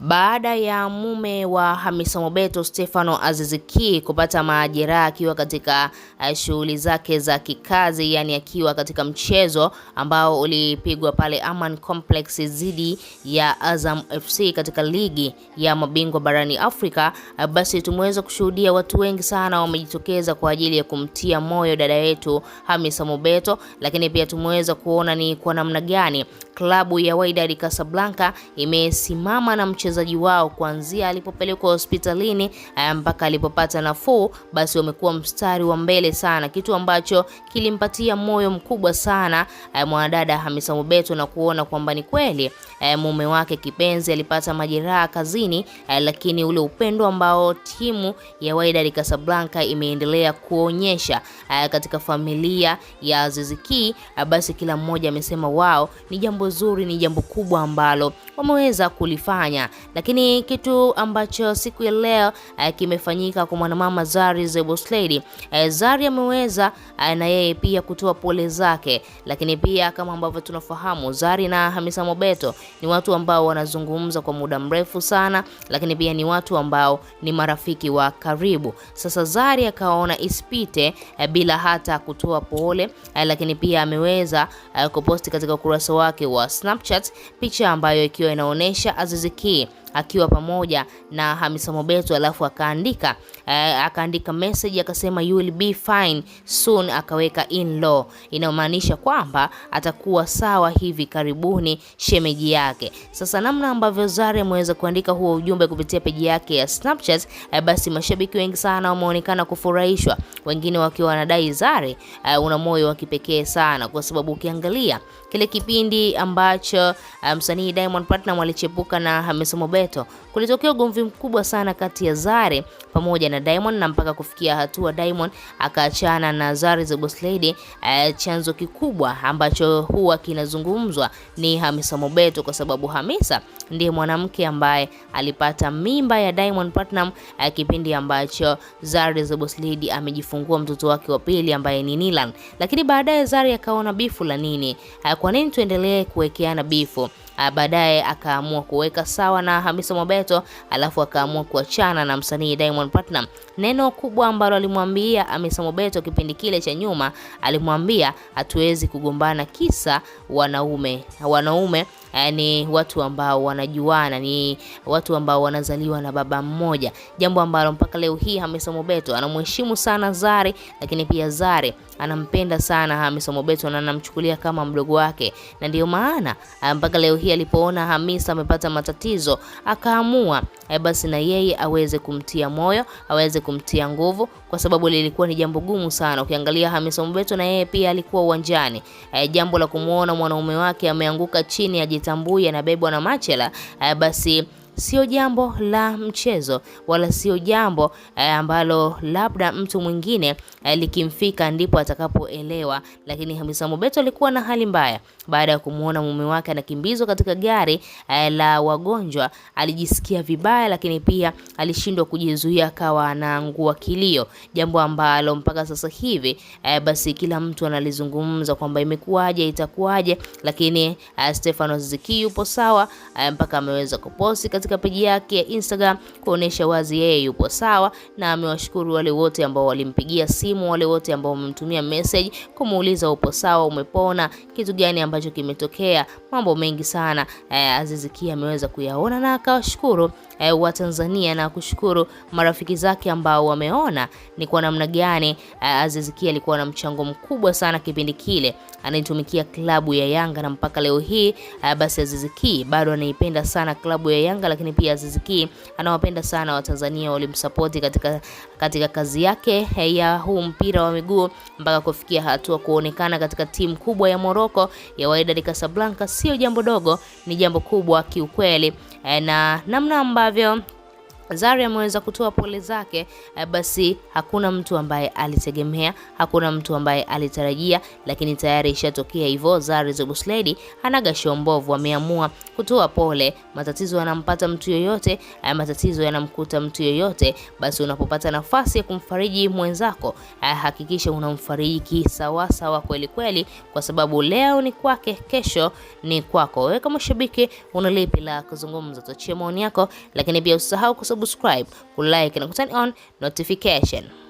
Baada ya mume wa Hamisa Mobeto Stefano aziziki kupata majeraha akiwa katika eh, shughuli zake za kikazi, yani akiwa katika mchezo ambao ulipigwa pale Aman Complex dhidi ya Azam FC katika ligi ya mabingwa barani Afrika, eh, basi tumeweza kushuhudia watu wengi sana wamejitokeza kwa ajili ya kumtia moyo dada yetu Hamisa Mobeto, lakini pia tumeweza kuona ni kwa namna gani klabu ya Wydad Casablanca imesimama na mchezaji wao kuanzia alipopelekwa hospitalini eh, mpaka alipopata nafuu, basi wamekuwa mstari wa mbele sana, kitu ambacho kilimpatia moyo mkubwa sana eh, mwanadada Hamisa Mobeto na kuona kwamba ni kweli eh, mume wake kipenzi alipata majeraha kazini, lakini ule upendo ambao timu ya Wydad Casablanca imeendelea kuonyesha katika familia ya Aziz Ki, basi kila mmoja amesema wao ni jambo jambo zuri, ni jambo kubwa ambalo wameweza kulifanya. Lakini kitu ambacho siku ya leo eh, kimefanyika kwa mwanamama Zari the Boss Lady eh, Zari ameweza eh, na yeye pia kutoa pole zake, lakini pia kama ambavyo tunafahamu Zari na Hamisa Mobeto ni watu ambao wanazungumza kwa muda mrefu sana, lakini pia ni watu ambao ni marafiki wa karibu. Sasa Zari akaona isipite eh, bila hata kutoa pole eh, lakini pia ameweza eh, kuposti katika ukurasa wake wa Snapchat, picha ambayo ikiwa inaonyesha Azizi Ki akiwa pamoja na Hamisa Mobeto, alafu akaandika uh, akaandika message akasema you will be fine soon, akaweka in law, inamaanisha kwamba atakuwa sawa hivi karibuni, shemeji yake. Sasa namna ambavyo Zari ameweza kuandika huo ujumbe kupitia peji yake ya Snapchat, uh, basi mashabiki wengi sana wameonekana kufurahishwa, wengine wakiwa wanadai Zari uh, una moyo wa kipekee sana, kwa sababu ukiangalia kile kipindi ambacho uh, msanii Diamond Platnumz alichepuka na Hamisa Mobeto Loreto kulitokea ugomvi mkubwa sana kati ya Zari pamoja na Diamond na mpaka kufikia hatua Diamond akaachana na Zari the Boss Lady. Uh, chanzo kikubwa ambacho huwa kinazungumzwa ni Hamisa Mobeto kwa sababu Hamisa ndiye mwanamke ambaye alipata mimba ya Diamond Platinum uh, eh, kipindi ambacho Zari the Boss Lady amejifungua mtoto wake wa pili ambaye ni Nilan, lakini baadaye Zari akaona bifu la nini? Uh, kwa nini tuendelee kuwekeana bifu? Ah, baadaye akaamua kuweka sawa na Hamisa Mobeto, alafu akaamua kuachana na msanii Diamond Platnumz. Neno kubwa ambalo alimwambia Hamisa Mobeto kipindi kile cha nyuma, alimwambia hatuwezi kugombana kisa wanaume wanaume Eh, ni watu ambao wanajuana, ni watu ambao wanazaliwa na baba mmoja, jambo ambalo mpaka leo hii Hamisa Mobeto anamheshimu sana Zari, lakini pia Zari anampenda sana Hamisa Mobeto na anamchukulia kama mdogo wake, na ndiyo maana eh, mpaka leo hii alipoona Hamisa amepata matatizo akaamua eh, basi na yeye aweze kumtia moyo, aweze kumtia nguvu kwa sababu lilikuwa ni jambo gumu sana. Ukiangalia Hamisa Mobeto na yeye pia alikuwa uwanjani e, jambo la kumwona mwanaume wake ameanguka chini ajitambui, anabebwa na machela e, basi sio jambo la mchezo wala sio jambo eh, ambalo labda mtu mwingine eh, likimfika ndipo atakapoelewa. Lakini Hamisa Mobeto alikuwa na hali mbaya baada ya kumwona mume wake anakimbizwa katika gari eh, la wagonjwa, alijisikia vibaya, lakini pia alishindwa kujizuia, akawa anaangua kilio, jambo ambalo mpaka sasa hivi basi kila mtu analizungumza kwamba imekuwaje, itakuwaje, lakini Stefano Ziki yupo sawa mpaka ameweza kuposti katika katika peji yake ya Instagram kuonesha wazi yeye yupo sawa, na amewashukuru wale wote ambao walimpigia simu, wale wote ambao wamemtumia message kumuuliza upo sawa, umepona, kitu gani ambacho kimetokea. Mambo mengi sana eh, Azizi Ki ameweza kuyaona na akawashukuru eh, wa Tanzania na kushukuru marafiki zake ambao wameona ni kwa namna gani eh, Azizi Ki alikuwa na mchango mkubwa sana kipindi kile anaitumikia klabu ya Yanga na mpaka leo hii eh, basi Azizi Ki bado anaipenda sana klabu ya Yanga lakini pia ziziki Ki anawapenda sana Watanzania walimsapoti katika, katika kazi yake eh, ya huu mpira wa miguu mpaka kufikia hatua kuonekana katika timu kubwa ya Morocco ya Wydad Casablanca. Sio jambo dogo, ni jambo kubwa kiukweli, eh, na namna ambavyo Zari ameweza kutoa pole zake, eh, basi hakuna mtu ambaye alitegemea, hakuna mtu ambaye alitarajia, lakini tayari ishatokea hivyo. Zari the Boss Lady ameamua kutoa pole. Matatizo yanampata mtu yoyote, eh, matatizo yanamkuta mtu yoyote, basi unapopata nafasi ya kumfariji mwenzako, eh, hakikisha unamfariji sawa sawa, kweli kweli, kwa sababu leo ni kwake, kesho ni kwako. Wewe kama shabiki, una lipi la kuzungumza? Tuachie maoni yako, lakini pia usahau subscribe, kulike na kuturn on notification.